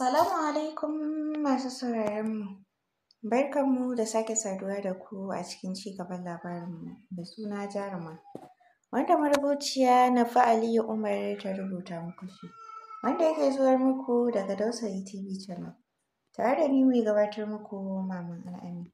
Salamu alaikum masu sauraronmu. Barkanmu da sake saduwa da ku a cikin cigaban labarinmu da suna jaruma. Wanda marubuciya Nafa Aliyu Umar ta rubuta muku shi. Wanda yake zuwar muku daga Dausayi TV Channel. Tare da ni mai gabatar muku Maman Al'ami.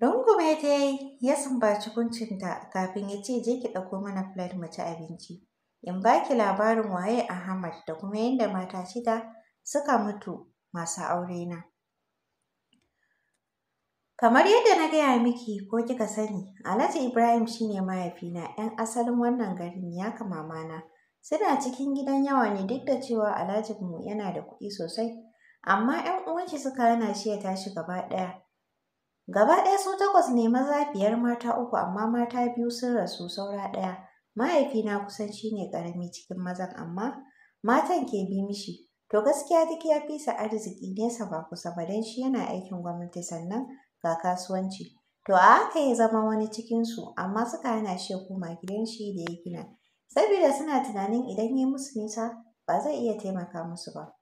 Rungume ta ya sumbaci kuncinta kafin ya ce je ki ɗauko mana plate mu ci abinci. in baki labarin waye Ahmad da kuma yadda mata shida suka mutu masu aure na. Kamar yadda na gaya miki ko kika sani, Alhaji Ibrahim shine mahaifina ‘yan asalin wannan garin ya mana. Suna cikin gidan yawa ne duk da cewa Alhaji mu yana da kuɗi sosai, amma ‘yan uwanki suka hana shi ya tashi gaba ɗaya. Gaba ɗaya su takwas ne maza biyar mata uku amma mata biyu sun rasu saura ɗaya. mahaifina kusan shi ne ƙarami cikin mazan amma matan ke bi mishi to gaskiya duk ya fi sa arziki nesa ba kusa ba don shi yana aikin gwamnati sannan ga kasuwanci to a haka ya zama wani cikinsu amma suka hana shi koma gidan shi da ya gina saboda suna tunanin idan ya musu nisa ba zai iya taimaka musu ba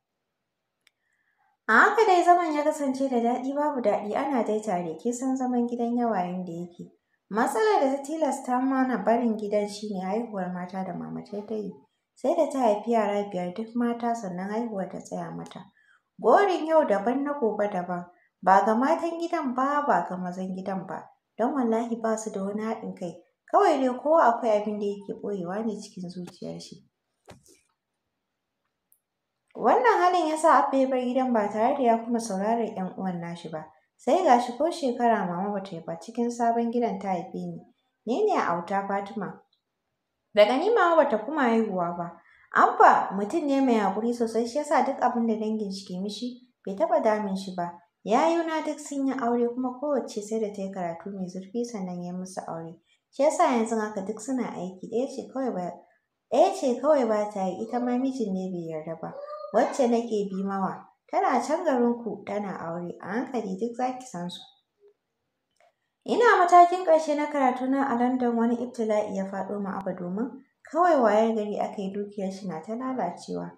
a haka dai zaman ya kasance da daɗi babu daɗi ana dai tare Ke san zaman gidan yawayen da yake Matsalar da ta tilasta mana barin gidan shine haihuwar mata da mamatai ta yi. Sai da ta haifi yara biyar duk mata sannan haihuwar ta tsaya mata. Gorin yau daban na gobe daban, ba ga matan gidan ba ba ga mazan gidan ba, don wallahi ba su da wani haɗin kai, kawai dai kowa akwai abin da yake ɓoyewa ne cikin zuciyar shi. Wannan halin ya sa Abba ya bar gidan ba tare da ya kuma sauraron 'yan uwan nashi ba. Sai ga shi ko shekara mama bata yi ba cikin sabon gidan ta haife ni. ne ne a auta Fatima. Daga ni mama ba ta kuma haihuwa ba. Abba mutum ne mai haƙuri sosai shi yasa duk abin da dangin shi ke mishi bai taɓa damin shi ba. Ya yi na duk sun yi aure kuma kowacce sai da ta yi karatu mai zurfi sannan ya musu aure. Shi yasa yanzu haka duk suna aiki ɗaya ce kawai ba ɗaya ce kawai ba ta yi ita ma mijin ne bai yarda ba. Wacce nake bi mawa Tana can garinku tana aure a hankali duk za ki san su. Ina matakin ƙarshe na karatu na a London wani ibtila'i ya faɗo ma aba domin kawai wayar gari aka yi dukiyar shi na ta lalacewa.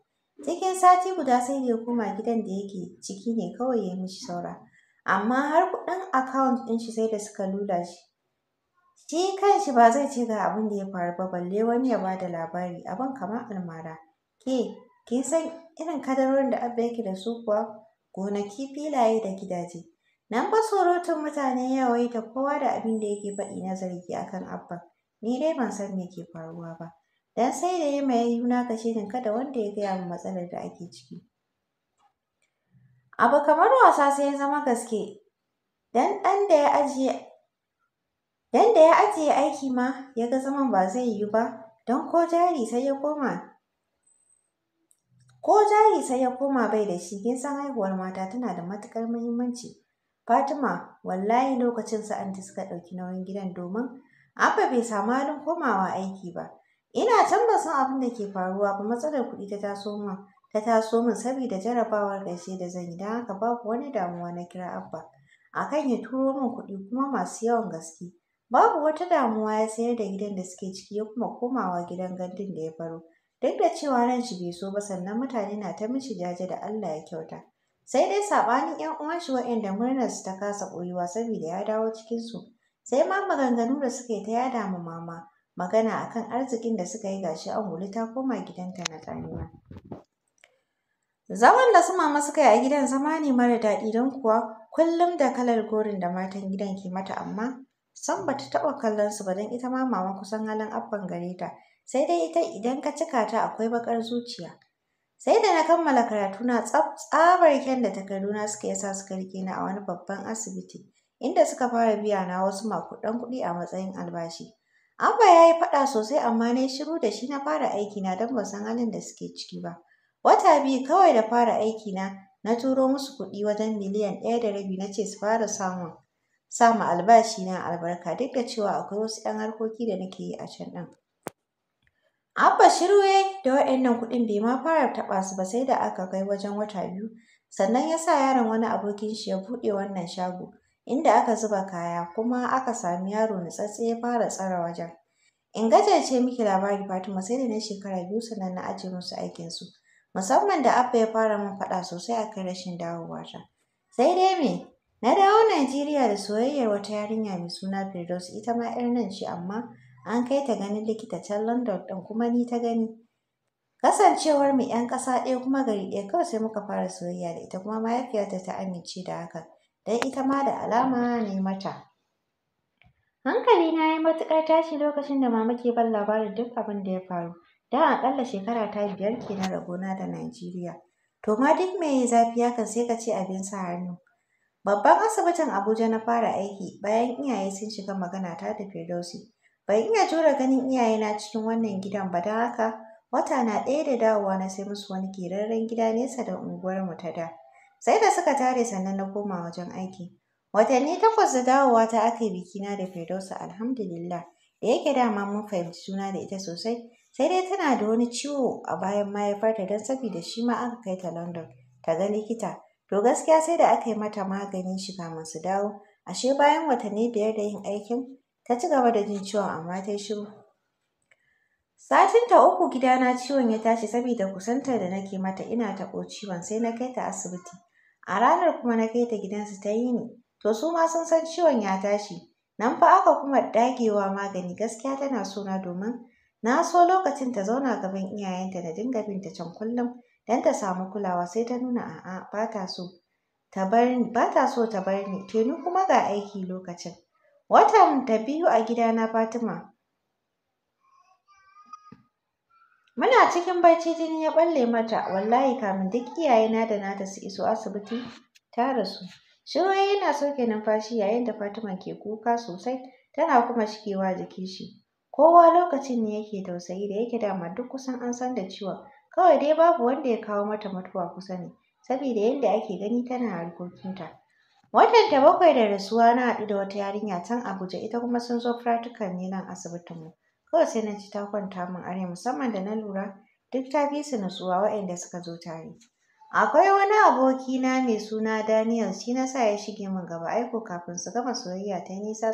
Cikin sati guda sai da ya koma gidan da yake ciki ne kawai ya mishi saura. Amma har kuɗin akawunt ɗin shi sai da suka lula shi. Shi kanshi ba zai ce ga abin da ya faru ba balle wani ya ba da labari abin kamar almara. Ke, kin san irin kadarorin da abba yake da su kuwa gonaki filaye da gidaje nan ba surutun mutane yawai da kowa da abin da yake faɗi na zargi akan abba ni dai ban san me ke faruwa ba dan sai da ya mai yuna kashe ni kada wanda ya gaya min matsalar da ake ciki abu kamar wasa sai ya zama gaske dan da ya ajiye da ya ajiye aiki ma ya ga zaman ba zai yiwu ba, don ko jari sai ya koma ko jari sai ya koma bai da shi kin san haihuwar mata tana da matukar muhimmanci fatima wallahi lokacin sa anti suka ɗauki nauyin gidan domin abba bai samu halin komawa aiki ba ina can ba san abin da ke faruwa ba matsalar kuɗi ta taso min ta taso min saboda jarabawar gaishe da zan yi don haka babu wani damuwa na kira abba akan ya turo min kuɗi kuma masu yawan gaske babu wata damuwa ya sayar da gidan da suke ciki ya kuma komawa gidan gandun da ya baro duk da cewa ran shi bai so ba sannan mutane na ta mishi jaje da Allah ya kyauta sai dai sabanin yan uwan shi waɗanda murnar su ta kasa koyuwa saboda ya dawo cikin su sai ma maganganu da suka yi ta ya damu mama magana akan arzikin da suka yi gashi angulu ta koma gidanta na tsaniya. zaman da su mama suka yi a gidan zama ne mara daɗi don kuwa kullum da kalar gorin da matan gidan ke mata amma san ba ta taɓa kallon su ba don ita ma mama kusan halin abban gare ta sai dai ita idan ka cika ta akwai bakar zuciya sai da na kammala karatu na tsabar da takarduna suka yasa suka rike ni a wani babban asibiti inda suka fara biya na wasu makudan kuɗi a matsayin albashi Abba ya yi faɗa sosai amma na shiru da shi na fara aiki na don ba san halin da suke ciki ba. Wata biyu kawai da fara aikina na turo musu kuɗi wajen miliyan ɗaya da rabi na ce su fara samun samun albashi na albarka duk da cewa akwai wasu 'yan harkoki da nake yi a can ɗin. Abba shiru da waɗannan kuɗin bai ma fara taɓa su ba sai da aka kai wajen wata biyu sannan ya sa yaron wani abokin shi ya buɗe wannan shago inda aka zuba kaya kuma aka sami yaro nutsatse ya fara tsara wajen. In gajiyarce miki labari Fatima sai da na shekara biyu sannan na aje musu aikinsu musamman da Abba ya fara min faɗa sosai a kan rashin dawowata. Sai dai me na dawo Najeriya da soyayyar wata yarinya mai suna Firdaus ita ma 'yar nan ce amma an kai ta ganin likita can London ɗin kuma ni ta gani. Kasancewar mu 'yan ƙasa ɗaya kuma gari ɗaya kawai sai muka fara soyayya da ita kuma mahaifiyarta ta amince da haka dan ita ma da alama ne mata. Hankali na yi matukar tashi lokacin da mama ke ban labarin duk abin da ya faru. da aƙalla shekara ta biyar kenan ragona da Najeriya. To ma duk mai zafi hakan sai ka ce abin sa hannu. Babban asibitin Abuja na fara aiki bayan iyaye sun shiga magana ta da Firdausi. Ban iya jure ganin iyayena cikin wannan gidan ba don haka wata na ɗaya da dawowa na sai musu wani ƙirarren gida nesa da unguwarmu ta da. Sai da suka tare sannan na koma wajen aiki. Watanni takwas da dawowa ta aka yi na da Firdausa alhamdulillah da yake dama mun fahimci suna da ita sosai sai dai tana da wani ciwo a bayan mahaifarta don saboda shi ma aka kai ta London ta ga likita. To gaskiya sai da aka yi mata maganin shiga masu dawo ashe bayan watanni biyar da yin aikin Ta ci gaba da jin ciwon amma ta yi shiru. Satinta uku gidana ciwon ya tashi saboda kusantar da nake mata ina taɓo ciwon sai na kai ta asibiti. A ranar kuma na kai ta gidansu ta yi ni. To su ma sun san ciwon ya tashi. Nan fa aka kuma dagewa magani gaskiya tana so domin na so lokacin ta zauna gaban iyayenta da dinga ta can kullum don ta samu kulawa sai ta nuna a'a ba ta so ta bar ni ba ta so ta bar ni to ni kuma ga aiki lokacin. Watan ta biyu a gidana Fatima. Muna cikin barci jini ya balle mata, wallahi kamun duk iyayena da nata su iso asibiti ta rasu. shiro yana sauke numfashi yayin da Fatima ke kuka sosai tana kuma shigewa jikin shi. Kowa lokacin ne yake tausayi da yake dama duk kusan an san da ciwon. Kawai dai babu wanda ya kawo mata mutuwa kusa ne, sabida yadda ake gani tana harkokinta. Watan ta bakwai da rasuwa na haɗu da wata yarinya can Abuja ita kuma sun zo practical ne nan asibitinmu. Kawai sai na ci ta kwanta min are musamman da na lura duk ta fi su nutsuwa waɗanda suka zo tare. Akwai wani abokina mai suna Daniel shi na sa ya shige min gaba aiko kafin su gama soyayya ta nisa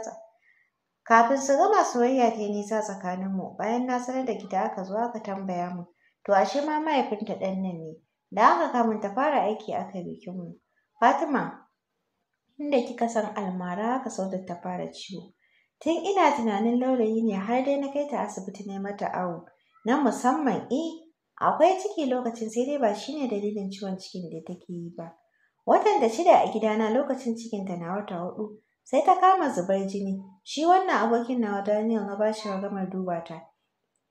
Kafin su gama soyayya ta nisa tsakaninmu bayan na sanar da gida aka zo aka tambaya mu to ashe ma mahaifinta ɗan nan ne da aka kamun ta fara aiki aka bikinmu. Fatima inda kika san almara ka da ta fara ciwo. Tun ina tunanin laulayi ne har dai na kai ta asibiti ne mata awo na musamman e akwai ciki lokacin sai dai ba shine dalilin ciwon cikin da take yi ba. Watan da shida a gidana lokacin cikin ta na wata hudu sai ta kama zubar jini shi wannan abokin nawa Daniel na bashi ragamar duba ta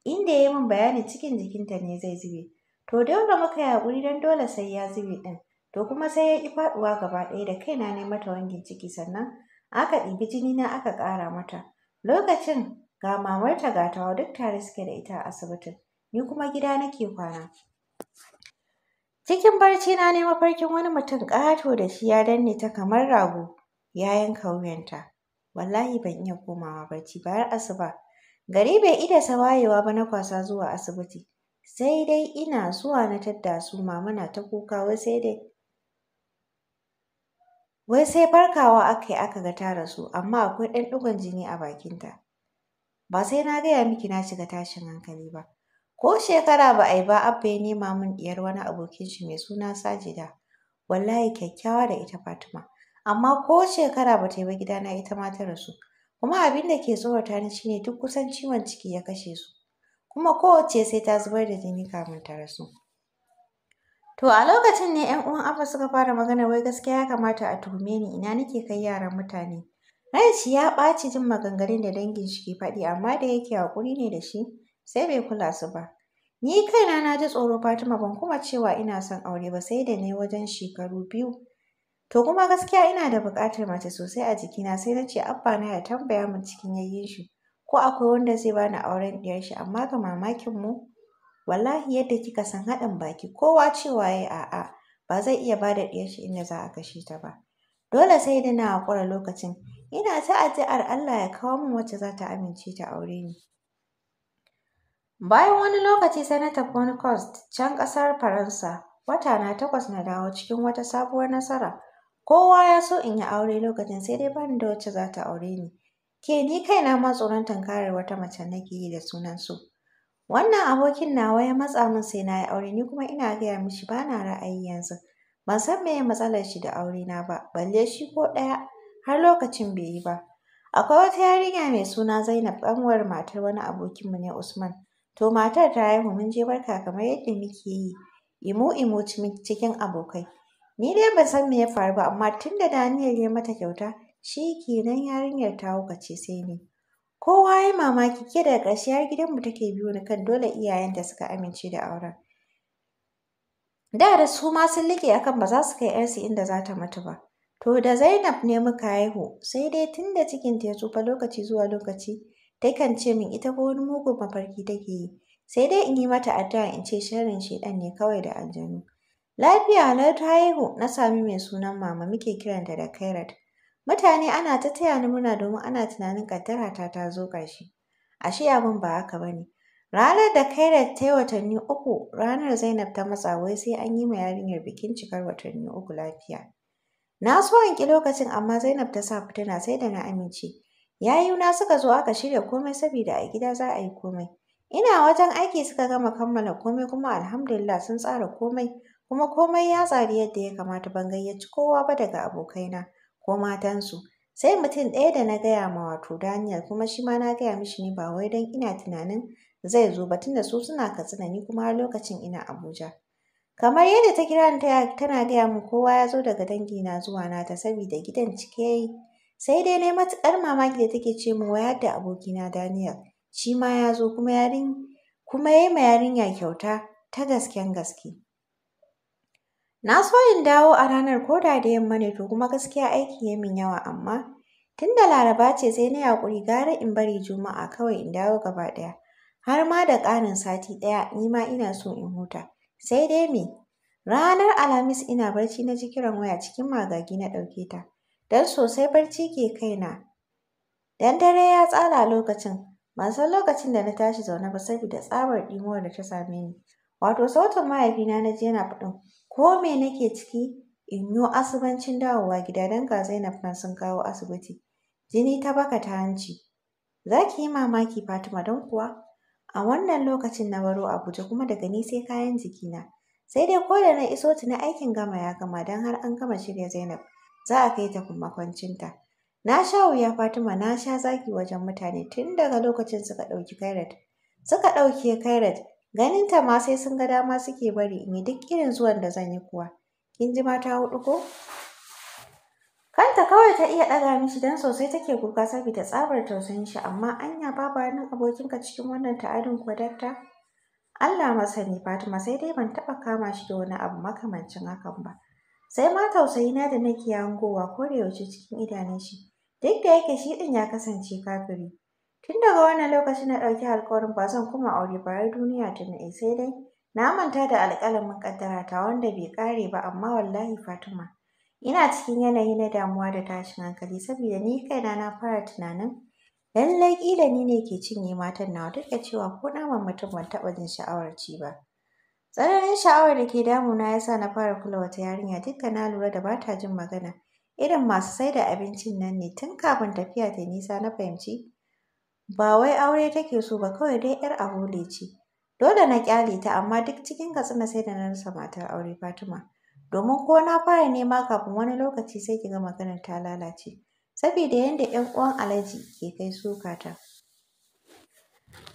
inda ya yi min bayanin cikin jikinta ne zai zube. To dole muka yi haƙuri don dole sai ya zube ɗin. to kuma sai ya ƙi faɗuwa gaba ɗaya da kaina ne mata wangin ciki sannan aka ɗibi jini na aka ƙara mata lokacin ga mamarta ga tawa duk tare suke da ita a asibitin ni kuma gida nake kwana cikin barci na neman mafarkin wani mutum ƙato da shi ya danne ta kamar rago ya yanka wuyanta wallahi ban iya komawa barci ba har asuba gari bai idasa wayewa ba na kwasa zuwa asibiti sai dai ina zuwa na tadda su mama na ta kuka wai sai dai wai sai farkawa aka yi aka ga ta rasu amma akwai ɗan ɗigon jini a bakinta ba sai na gaya miki na shiga tashin hankali ba ko shekara ba a yi ba abba ya nema min diyar wani abokin shi mai suna sajida wallahi kyakkyawa da ita fatima amma ko shekara ba ta yi ba gida na ita ma ta rasu kuma abin da ke tsorata ni shine duk kusan ciwon ciki ya kashe su kuma kowace sai ta zubar da jini kafin ta rasu To a lokacin ne ‘yan uwan Abba suka fara magana wai gaskiya ya kamata a tuhume ni ina nake kai yaran mutane. Ranci ya ɓaci jin maganganun da dangin shi ke faɗi amma da yake haƙuri ne da shi sai bai kula su ba. Ni kaina na ji tsoro Fatima ban kuma cewa ina son aure ba sai da ne wajen shekaru biyu. To kuma gaskiya ina da buƙatar mace sosai a jikina sai na ce Abba na ya tambaya min cikin yayyin shi ko akwai wanda zai bani auren ɗiyar shi amma ga mamakin mu wallahi yadda kika san haɗin baki kowa cewa ya a'a ba zai iya ba da ɗiyarshi inda za a kashe ta ba dole sai da na haƙura lokacin ina ta addu'ar Allah ya kawo min wacce za ta amince ta aure ni bayan wani lokaci sai na tafi wani kwas can ƙasar Faransa wata na takwas na dawo cikin wata sabuwar nasara kowa ya so in yi aure lokacin sai dai bani da wacce za ta aure ni ke ni kaina ma tsoron tankarar wata mace nake yi da sunan su wannan abokin nawa ya matsa min sai na yi aure ni kuma ina gaya mishi ba na ra'ayi yanzu ban san me ya matsalar shi da aure na ba balle shi ko ɗaya har lokacin bai yi ba akwai wata yarinya mai suna Zainab ƙanwar matar wani abokinmu ne Usman to matar ta haihu mun je barka kamar yadda muke yi imu imu cikin abokai ni dai ban san me ya faru ba amma tun da Daniel ya mata kyauta shi kenan yarinyar ta hukace sai ni Kowa ya mamaki ke daga ƙarshe har gidanmu take biyu ni kan dole iyayenta suka amince da auren. Da da su ma sun liƙe akan ba za su kai ‘yarsu inda za ta mutu ba. To da Zainab ne muka haihu sai dai tun da cikinta ya tsufa lokaci zuwa lokaci ta kan ce min ita ko wani mugun mafarki take yi. Sai dai in yi mata addu'a in ce sharrin ɗan ne kawai da aljanu. Lafiya na ta haihu na sami mai sunan mama muke kiranta da Kairat. Mutane ana ta taya ni murna domin ana tunanin ƙaddarata ta zo ƙarshe. Ashe abin ba haka ba ne. Ranar da Kairat ta yi watanni uku, ranar Zainab ta matsa wai sai an yi ma yarinyar bikin cikar watanni uku lafiya. Na so in ƙi lokacin amma Zainab ta sa fitina sai da na amince. Yayuna suka zo aka shirya komai saboda a gida za a yi komai. Ina wajen aiki suka gama kammala komai kuma alhamdulillah sun tsara komai kuma komai ya tsari yadda ya kamata ban gayyaci kowa ba daga abokaina. ko matansu sai mutum ɗaya da na gaya ma wato Daniel kuma shi ma na gaya mishi ne ba wai don ina tunanin zai zo ba tunda su suna katsina ni kuma har lokacin ina Abuja. Kamar yadda ta kira ta tana gaya mu kowa ya zo daga na zuwa nata sabida gidan cike yi, Sai dai na matuƙar mamaki da take ce min wayar da abokina Daniel shi ma ya zo kuma yarin kuma yayi ma yarinya kyauta ta gasken gaske. Na so in dawo a ranar ko da da yamma ne to kuma gaskiya aiki ya min yawa amma tun da laraba ce sai na yaƙuri gara in bari juma'a kawai in dawo gaba ɗaya. Har ma da ƙarin sati ɗaya ni ma ina so in huta. Sai dai me? Ranar Alhamis ina barci na ji kiran waya cikin magagi na ɗauke ta. dan sosai barci ke kaina. Dan dare ya tsala lokacin. Ban san lokacin da na tashi zaune ba saboda tsabar ɗimuwar da ta same ni. Wato sautin mahaifina na ji yana faɗin ko me nake ciki in yo asibancin dawowa gida don ga Zainab na sun kawo asibiti. Jini ta baka ta hanci. Za ki yi mamaki Fatima don kuwa a wannan lokacin na baro Abuja kuma daga ni sai kayan jikina. Sai dai ko da na iso tuni aikin gama ya gama don har an gama shirya Zainab za a kai ta kuma Na sha wuya Fatima na sha zaki wajen mutane tun daga lokacin suka ɗauki Kairat. Suka ɗauke Kairat Ganinta ma sai sun ga dama suke bari in yi duk irin zuwan da zan yi kuwa. Kin ji mata huɗu ko? Kanta kawai ta iya ɗaga mishi don sosai take kuka saboda tsabar tausayin shi amma anya babu hannun abokinka cikin wannan ta'adin ko dakta? Allah masani Fatima sai dai ban taɓa kama shi da wani abu makamancin hakan ba. Sai ma tausayi na da nake hangowa ko da yaushe cikin idanun shi. Duk da yake shi din ya kasance kafiri. Tun daga wannan lokaci na ɗauki alkawarin ba zan kuma aure ba har duniya ta na'i sai dai na manta da alƙalamin ta wanda bai ƙare ba amma wallahi Fatima ina cikin yanayi na damuwa da tashin hankali saboda ni kaina na fara tunanin lallai ƙila ni ne ke cinye matan nawa duk da cewa ko naman mutum ban taɓa jin sha'awar ci ba. Tsananin sha'awar da ke damuna ya sa na fara kula wata yarinya dukka na lura da ba ta jin magana irin masu sai da abincin nan ne tun kafin tafiya ta nisa na fahimci Ba wai aure take so ba kawai dai 'yar ne ce. Dole na ƙyale ta amma duk cikin Katsina sai da na rasa matar aure Fatima. Domin ko na fara nema kafin wani lokaci sai ki ga maganar ta lalace. Saboda yadda 'yan uwan Alhaji ke kai suka ta.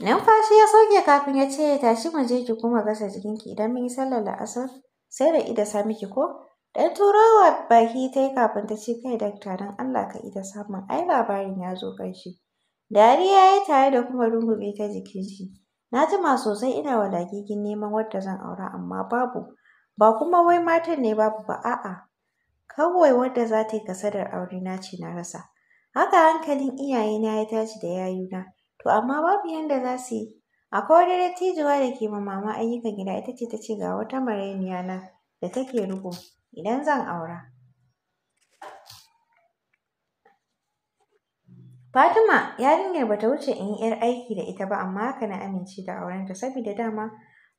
Numfashi ya sauke kafin ya ce tashi mu je ki kuma gasa jikinki idan mun yi sallar la'asar sai da ida sa miki ko? Dan turowa baki ta yi kafin ta ce kai dakta don Allah ka ida samun" ai labarin ya zo ƙarshe. Dariya ya yi tare da kuma rungume ta jikin shi. Na jima sosai ina walakikin neman wadda zan aura amma babu. Ba kuma wai matan ne babu ba a'a. Kawai wadda za ta yi kasadar aure na ce na rasa. Haka hankalin iyayena ya tashi da yayuna. To amma babu yanda za su yi. Akwai wani dattijuwa da ke ma mama ayyukan gida ita ce ta ce ga wata marainiya na da take riƙo idan zan aura. Fatima yarinyar bata wuce in yi 'yar aiki da ita ba amma haka na amince da aurenta saboda dama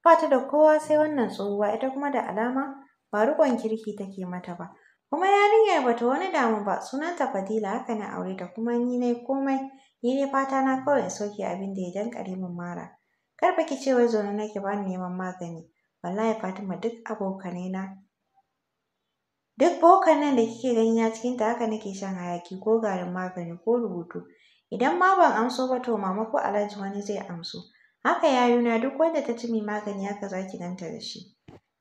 ba ta da kowa sai wannan tsohuwa ita kuma da alama ba rikon kirki take mata ba. Kuma yarinyar bata wani damu ba sunanta Fadila haka na aure ta kuma ni ne komai ni ne fata na kawai in abin da ya dankare min mara. Kar fa ki ce wai zaune nake ba ni neman magani wallahi Fatima duk abokanai na Duk bokan nan da kike gani ya cikin ta haka nake shan hayaki ko garin magani ko rubutu. Idan ma ban amso ba to mama ko Alhaji wani zai amso. Haka na duk wanda ta ci mai magani haka za ki ganta da shi.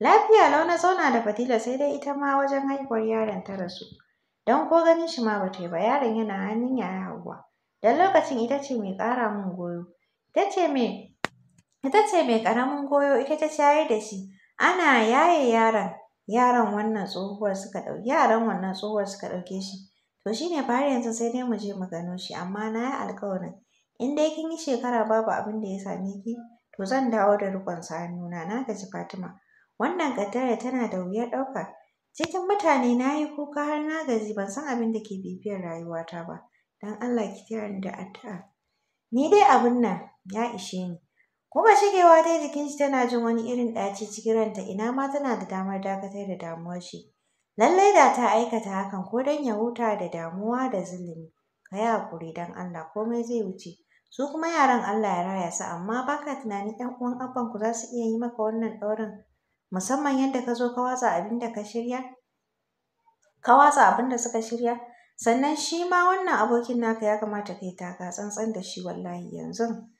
Lafiya lau na zauna da Fadila sai dai ita ma wajen haihuwar yaron ta rasu. Don ko ganin shi ma bata yi ba yaron yana hannun yaya Hauwa. Dan lokacin ita ce mai ƙara min goyo. Ita ce mai ita ce mai ƙaramin goyo ita ta shayar da shi. Ana yaye yaron yaran wannan tsohuwar suka ɗauki yaran wannan tsohuwar suka ɗauke shi to shine fa har yanzu sai dai mu je mu gano shi amma na yi alƙawarin in dai kin yi shekara babu abin da ya same ki to zan dawo da riƙon hannuna na gaji Fatima wannan ƙaddara tana da wuyar ɗauka cikin mutane na yi kuka har na gaji ban san abin da ke bibiyar rayuwata ba don Allah ki kira ni da addu'a ni dai abin nan ya ishe ni Kuma shigewa dai jikin shi tana jin wani irin ɗaci cikin ranta ina ma tana da damar dakatar da damuwar shi. Lallai da ta aikata hakan ko don ya huta da damuwa da zulumi. Ka yi hakuri don Allah komai zai wuce. Su kuma yaran Allah ya raya su amma baka tunanin 'yan uwan abban ku za su iya yi maka wannan ɗaurin musamman yadda ka zo ka watsa abin da ka shirya. Ka watsa abin da suka shirya. Sannan shi ma wannan abokin naka ya kamata ka yi taka tsantsan da shi wallahi yanzu.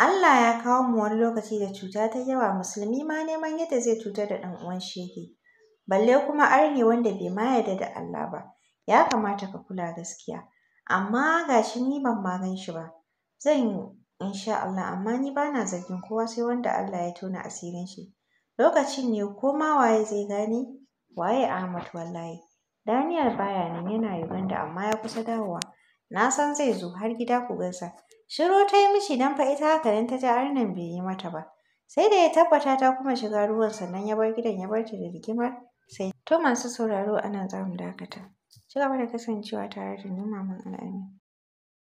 Allah ya kawo mu wani lokaci da cuta ta yawa musulmi ma neman yadda zai cutar da ɗan uwan shi balle kuma arne wanda bai ma yarda da Allah ba ya kamata ka kula gaskiya amma gashi ni ban ma gan shi ba zan yi insha Allah amma ni bana zargin kowa sai wanda Allah ya tona asirin shi lokacin ne ko ma waye zai gane waye Ahmad wallahi Daniel baya nan yana Uganda amma ya kusa dawowa na san zai zo har gida ku gaisa Shiru ta yi mishi don fa ita hakanin ta ji nan bai yi mata ba. Sai da ya tabbata ta kuma shiga ruwan sannan ya bar gidan ya bar ta da rigimar sai. To masu sauraro ana nan za mu dakata. Ci gaba da kasancewa tare da ni Maman Al'amin.